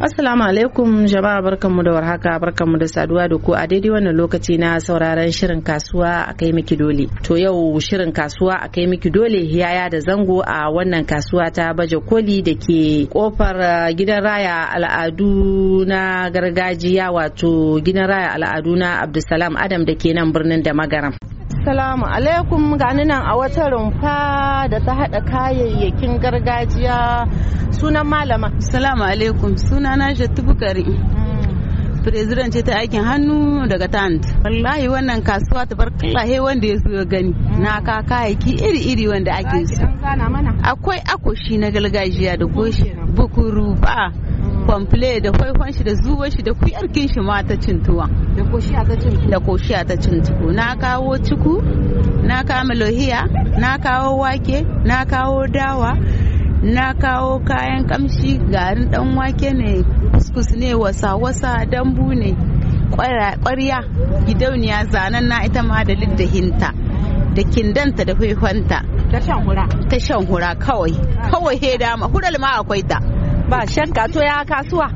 Assalamu alaikum jama'a barkanmu da warhaka barkanmu da saduwa da ku a daidai wannan lokaci na sauraron shirin kasuwa a kai miki dole. To yau shirin kasuwa a kai miki dole yaya da zango a wannan kasuwa ta baje koli da ke kofar uh, gidan raya al'adu na gargajiya wato gidan raya al'adu na Abdulsalam Adam da ke nan birnin da magaram. Assalamu alaikum gani nan a wata rumfa da ta haɗa kayayyakin gargajiya sunan malama. Assalamu alaikum suna na Shattu Bukari. Mm. President ce ta aikin hannu daga tant. Wallahi wannan kasuwa ta bar kallahe wanda ya zo gani. Mm. Na ka kayayyaki iri-iri wanda ake so. Akwai akoshi na gargajiya da goshi bukuru ba. kwamfle da faifan shi da zuwa shi da kuyarkin shi ma ta cintuwa. da koshiya ta cin da koshiya ta cin na kawo ciku na kama lohiya na kawo wake na kawo dawa na kawo kayan kamshi garin dan wake ne kuskus ne wasa wasa dambu ne kwarya gidauniya zanen na ita ma da hinta da kindanta da faifanta ta shan hura kawai kawai he dama hural ma akwai ta ba shanka to ya kasuwa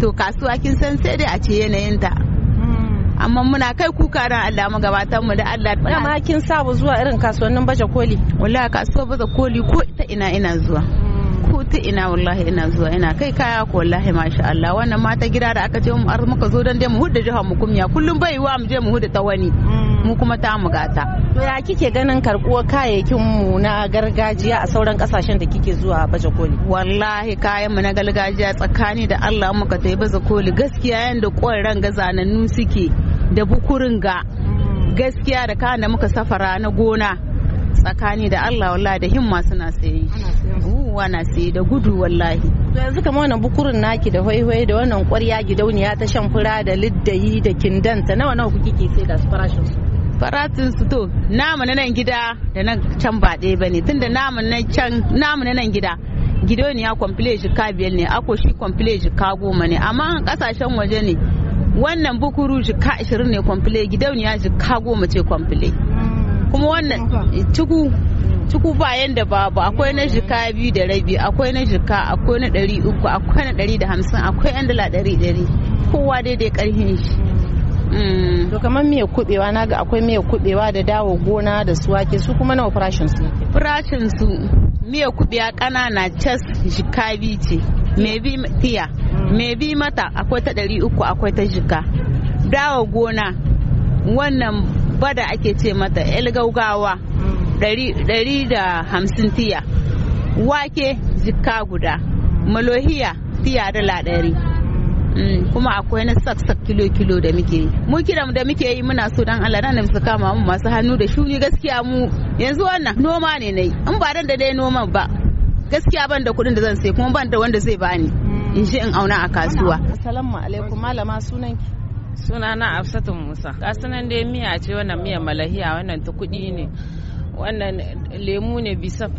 to kasuwa kin san sai dai a ce yanayinta hmm. amma muna kai kuka ran Allah mu gabatar mu da Allah dama kin saba zuwa irin kasuwannin baje koli wallahi kasuwa baje koli ko ita ina ina zuwa hmm. ko ta ina wallahi ina zuwa ina kai kaya ko wallahi masha Allah wannan mata gida da aka ce mu muka zo don dai mu hudda jihar mu kumya kullum bai wa mu je mu hudda ta wani hmm. mu kuma ta mu gata to ya kike ganin karkuwar kayayyakin mu na gargajiya a sauran kasashen da kike zuwa baje koli wallahi kayan mu na gargajiya tsakani da Allah muka tafi baje koli gaskiya yanda koyar ga zanannu suke da bukurin ga gaskiya da kayan da muka safara na gona tsakani da Allah wallahi da himma suna sayi ana sayi da gudu wallahi yanzu kamar wannan bukurin naki da hoihoi da wannan kwarya gidauniya ta shan fura da liddayi da kindanta nawa nawa kuke sai da farashin su faratin su to namu na nan gida da nan can ba ɗaya bane ne, tun da namu na nan gida ya kwamfile jika biyar ne ako shi kwamfile jika goma ne amma kasashen waje ne wannan bukuru jika ashirin ne kwamfile ya jika goma ce kwamfile kuma wannan ciku ciku ba yanda babu akwai na jika biyu da rabi akwai na jika akwai na ɗari uku akwai na ɗari da hamsin akwai yan dala ɗari ɗari kowa daidai ƙarfin shi Mm. to kamar miya kubewa ga akwai miya kubewa da dawo gona da su wake su kuma nawa farashin su farashin su miya kubewa kanana cas jikabi ce mai bi tiya mm. bi mata akwai ta ɗari uku akwai ta jika dawo gona wannan bada ake ce mata el gaugawa mm. ɗari da hamsin tiya wake jika guda malohiya tiya dala ɗari Mm. kuma akwai na sak sak kilo kilo da muke yi mu kiran da muke yi muna so dan Allah dan su kama mu masu hannu da shuni gaskiya mu yanzu wannan noma ne nayi in ba dan da dai noman ba gaskiya ban da kuɗin da zan sai kuma ban da wanda zai bani mm. in shi in auna a kasuwa assalamu alaikum malama sunanki sunana afsatu Musa kasunan dai miya ce wannan miya malahiya wannan ta kuɗi ne wannan lemu ne bisaf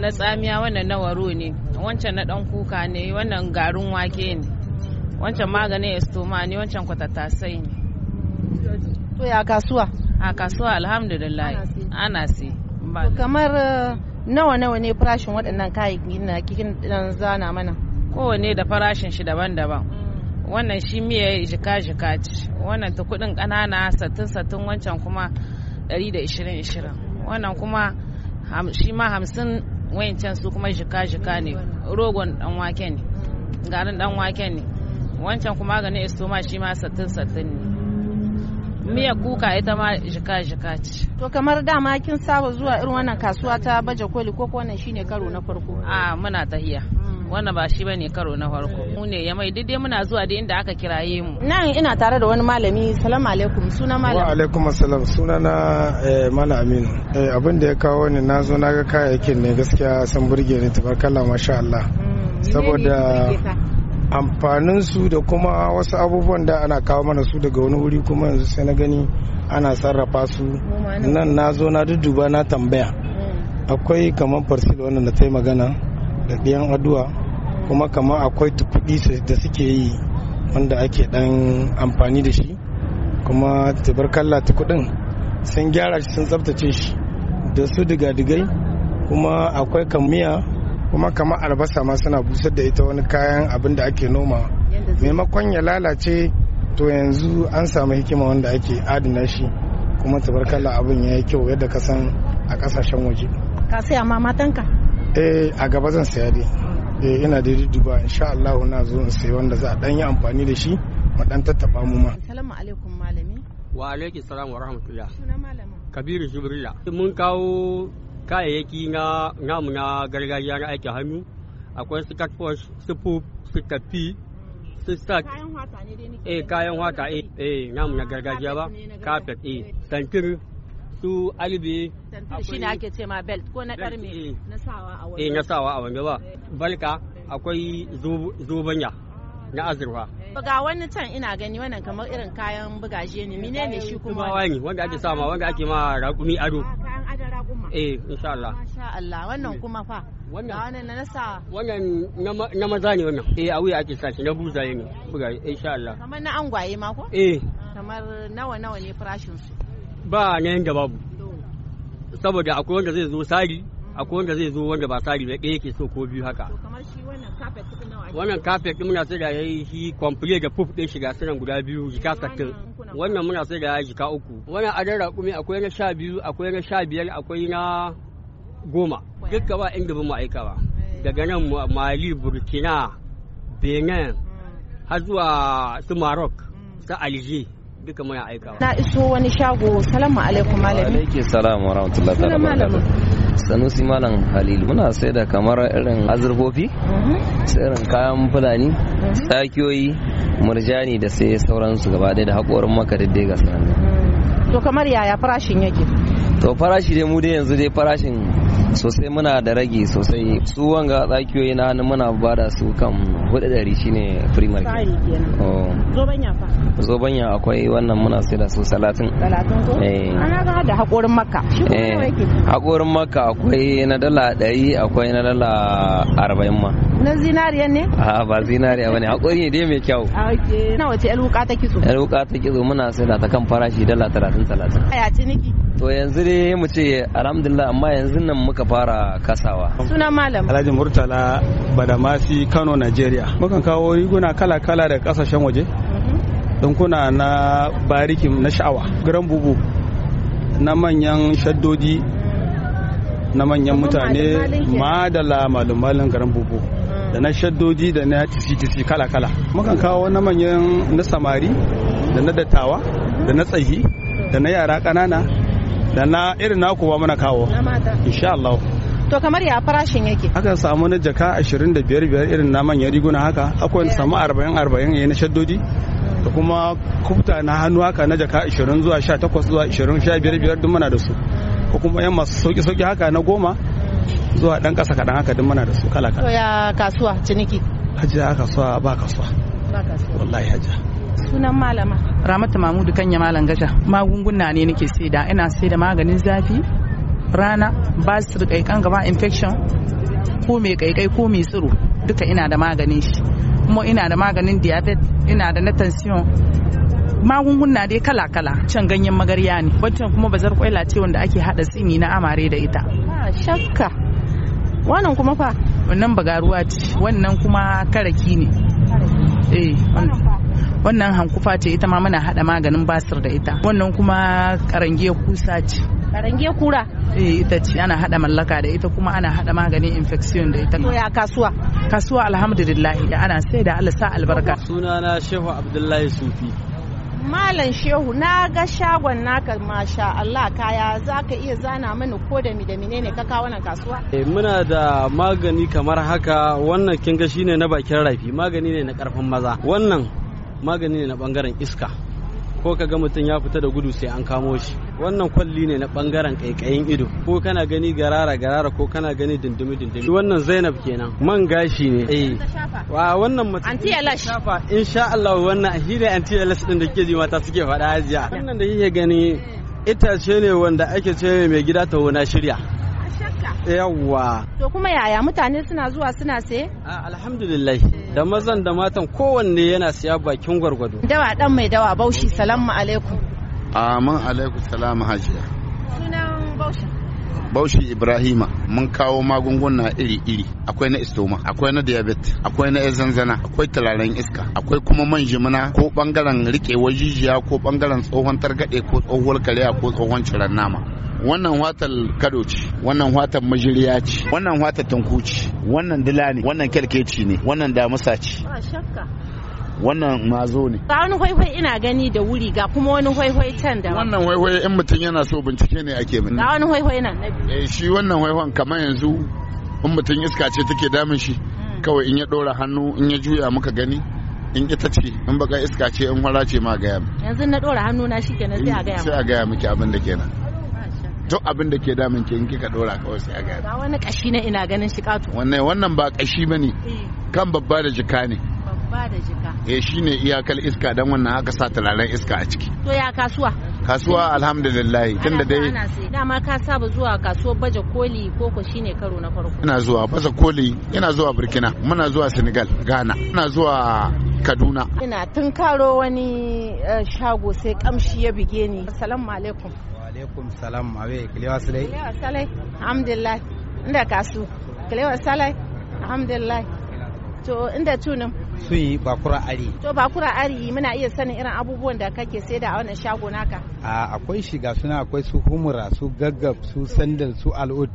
na tsamiya wannan na waro ne wancan na ɗan kuka ne wannan garin wake ne wancan maganin estomani ne wancan sai ne to ya kasuwa a kasuwa alhamdulillah ana si kamar uh, nawa nawa ne farashin waɗannan kayayyakin na kikin zana mana kowane da farashin shi daban-daban mm. wannan shi miya jika jika ce wannan ta kudin kanana satin satin wancan kuma 120-20 wannan kuma shi ma hamsin wayancan su kuma jika jika ne rogon dan wake ne mm. garin dan wake ne wancan kuma maganin estoma shi ma sattin sattin ne miyar kuka ita ma jika jika ce to kamar dama kin saba zuwa irin wannan kasuwa ta baje koli ko wannan shine karo na farko a muna tahiya hmm. wannan ba shi bane karo na farko eh. mu ne ya mai dai muna zuwa da inda aka kiraye mu nan ina tare da wani malami salamu alaikum suna malam wa alaikum assalam suna na eh, malam aminu eh, abin da ya kawo ni na zo na ga kayayyakin ne gaskiya san burge ni tabarkalla masha Allah hmm. saboda su da kuma wasu abubuwan da ana kawo mana su daga wani wuri kuma yanzu sai na gani ana sarrafa su nan na zo na dudduba na tambaya mm. akwai kamar farsil wannan na tai magana da ɗiyan addu'a kuma kamar akwai tukudi da suke yi wanda ake ɗan amfani da shi kuma kalla tukudin sun gyara shi sun tsabtace shi da su diga-digai kuma akwai kamiya kuma kamar albasa ma suna busar da ita wani kayan abin da ake noma maimakon ya lalace to yanzu an samu hikima wanda ake adana shi kuma tabarkala abin ya yi kyau yadda ka san a kasashen waje ka saya ma matanka eh a gaba zan saya dai eh ina da duba insha Allah na zo in sayi wanda za a dan yi amfani da shi mu dan tattaba mu ma assalamu alaikum malami wa alaikum salam wa rahmatullah sunan malama kabiru jibrila mun kawo kayayyaki na namu na gargajiya na aikin hannu akwai su catfish su poop su kafi su stack eh kayan wata eh eh namu na ah, gargajiya ba kafet eh santir su albe shi ne ake ce ma belt ko na karme na sawa a wani eh na sawa a wani eh, ba eh. balka akwai zobanya ah, na azurfa. Buga eh. wani can ina gani wannan kamar irin kayan bugaje ne mine ne shi kuma wani wanda ake sama ah, wanda ake ma rakumi ado. eh insha Allah masha Allah wannan kuma fa wannan wannan na nasa wannan na maza ne wannan eh a wuya ake sashi na buza ne bugaye insha Allah kamar na angwaye ma ko eh kamar nawa nawa ne farashin su ba na yanda babu saboda akwai wanda zai zo sari akwai wanda zai zo wanda ba sari ba ɗaya yake so ko biyu haka wannan kafet ɗin muna sai da yayi shi complete da puf ɗin shiga sunan guda biyu jika sattin wannan muna sai da jika uku Wani adar raƙumi akwai na sha biyu akwai na sha biyar akwai na goma dukka ba inda bin ma'aika ba daga nan mali burkina benin mm. har zuwa su maroc mm. su Alize duka muna aikawa na iso wani shago salamu alaikum malami alaikum salam wa rahmatullahi wa barakatuh sanusi malam halil muna sai da kamar irin azurfofi sai mm-hmm. irin kayan fulani mm-hmm. tsakiyoyi murjani da sai sauransu gaba ɗaya da hakorin maka da ga sanar to kamar yaya farashin yake to farashi dai mu dai yanzu dai farashin sosai muna da ragi sosai su wanga tsakiyoyi na hannu muna ba da su kan hudu dari shine free market oh. zobanya fa zobanya akwai wannan muna sai da su salatin salatin ko eh. da hakorin makka eh. hakorin makka akwai na dala dari akwai na dala arba'in ma na zinariya ne a ba zinariya bane hakori ne dai mai kyau na wace yar wuka ta kitso yar wuka ta kitso muna sai da ta kan farashi dala talatin talatin a to yanzu dai mu ce alhamdulillah amma yanzu nan muka fara kasawa suna malam alhaji murtala badamasi kano nigeria mukan kawo riguna kala-kala da kasashen waje dinkuna mhm. na bariki na sha'awa gran bubu na manyan shaddodi na manyan mutane madala malumalin garin bubu mm. da na shaddodi da na tisi-tisi kala-kala mukan kawo na manyan na samari da na dattawa da na tsayi da na yara ƙanana da na irin naku ba muna kawo insha Allah to kamar ya farashin yake aka samu na jaka 25 biyar irin na manyan riguna haka akwai samu 40 40 na shaddodi da kuma kufta na hannu haka na jaka 20 zuwa 18 zuwa 20 25 biyar duk muna da su ko kuma yan masu sauki sauki haka na goma zuwa dan kasa kadan haka duk muna da su kala kala to ya kasuwa ciniki hajiya kasuwa ba kasuwa ba kasuwa wallahi hajiya sunan malama ramata mamudu kanya malam gasha magunguna ne nake saida ina saida maganin zafi rana basir kaikan gaba infection ko mai kaikai ko mai tsiro duka ina da maganin shi kuma ina da maganin diabetes ina da na tension magunguna dai kala-kala can ganyen magarya ne wancan kuma bazar kwaila ce wanda ake hada tsini na amare da ita shakka wannan kuma fa wannan bagaruwa ce wannan kuma karaki ne Eh, wannan hankufa ce ita ma muna hada maganin basir da ita wannan kuma karangiyar kusa ce karangiyar kura eh ita ce ana hada mallaka da ita kuma ana hada maganin infection da ita Ko ya kasuwa kasuwa alhamdulillah ana sai da Allah sa albarka sunana Shehu Abdullahi Sufi Malam Shehu na ga shagon naka masha Allah kaya za ka iya zana mana ko da mi da ne ka kawo nan kasuwa? Eh, muna da magani kamar haka wannan kin ga shine na bakin rafi magani ne na karfin maza wannan magani ne na bangaren iska ko ka ga mutum ya fita da gudu sai an kamo shi wannan kwalli ne na bangaren kaikayin ido ko kana gani garara garara ko kana gani dindimi dindimi wannan zainab kenan man gashi ne eh wa wannan mutum anti alash shafa insha Allah wannan shi anti alash din da kike ji mata suke faɗa hajiya wannan da kike gani itace ne wanda ake ce mai gida ta wona shirya yawwa to kuma yaya mutane suna zuwa suna saye alhamdulillah da mazan da matan kowanne yana siya bakin gwargwado dawa dan mai dawa baushi salamu alaikum amin alaikum salam hajiya sunan bauchi bauchi ibrahima mun kawo magunguna iri-iri akwai na istoma akwai na diabetes akwai na zanzana akwai turaren iska akwai kuma man jimina ko bangaren rikewar jijiya ko bangaren tsohon targade ko tsohuwar kariya ko tsohon ciran nama wannan watan kado ce wannan watan majiriya ce wannan watan tanku ce wannan dila ne wannan kyalkeci ne wannan damusa ce wannan mazo ne ga wani hwaihwai ina gani da wuri ga kuma wani hwaihwai can da wannan hwaihwai in mutum yana so bincike ne ake mini ga wani na. nan eh shi wannan hwaihwan kamar yanzu in mutum iska ce take damin shi hmm. kawai in ya dora hannu in ya juya muka gani in ita ce in baka iska ce in hura ce ma gaya yanzu na dora hannu na shi kenan sai a gaya sai a gaya miki abin da kenan duk abin da ke damun ki in kika dora kawai sai a gaya ga wani kashi na ina ganin shi kato wannan wannan ba kashi bane eh. kan babba da jika ne ba da jika eh ne iyakar iska dan wannan aka sa turaren iska a ciki to ya kasuwa kasuwa alhamdulillah tunda dai dama ka saba zuwa kasuwar baje koli koko ne karo na farko ina zuwa baje koli ina zuwa burkina muna zuwa senegal ghana ina zuwa kaduna ina tun karo wani eh, shago sai kamshi ya bige ni assalamu alaikum wa alaikum salam awe kilewa salai kilewa salai alhamdulillah inda kasu kilewa salai alhamdulillah to inda tunan suyi bakura ari to bakura ari muna iya sanin irin abubuwan da kake saida a wannan shago naka a akwai shiga suna akwai su humura su gaggab su sandal su al'ud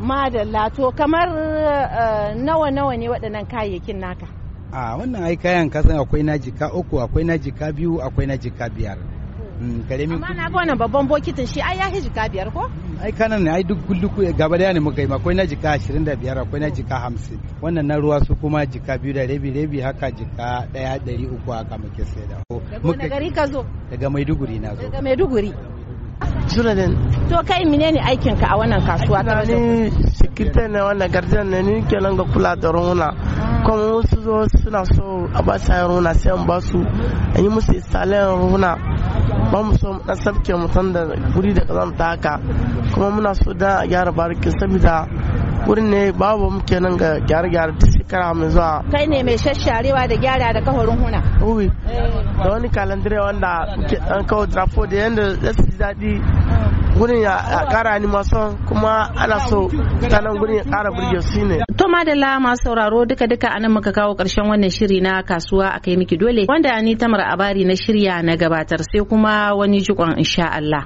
madalla to kamar eh, nawa nawa ne waɗannan kayayyakin naka a wannan ai kayan kasan akwai na jika uku akwai na jika biyu akwai na jika biyar Mm, karemi amma na ga wannan babban bokitin shi ai ya jika biyar ko ai kanan ne ai duk gulluku eh, gaba daya ne muka yi akwai na jika 25 akwai na jika 50 wannan na ruwa su kuma jika biyu da rabi rabi haka jika daya dari uku haka muke saida daga gari ka zo daga maiduguri na zo daga maiduguri Zuraden. To kai menene ka a wannan kasuwa ne sikirta ne wannan garjan ne ni ke ga kula da runa. Kuma wasu zo suna so a ba sa runa sai an ba su an yi musu istalin runa ba mu so dan sabke mu san da guri da ta haka kuma muna so da gyara barikin saboda wurin ne babu mu kenan ga gyare-gyare duk shekara mai zuwa kai ne mai shasharewa da gyara da kahorin huna uwi eh. da wani kalandire wanda an kawo trafo da yanda zai ji daɗi gurin ya kara animation kuma ana so sanan gurin ya kara burge su ne to madalla masu sauraro duka duka anan muka kawo karshen wannan shiri na kasuwa akai miki dole wanda ni tamar abari na shirya na gabatar sai kuma wani jikon insha Allah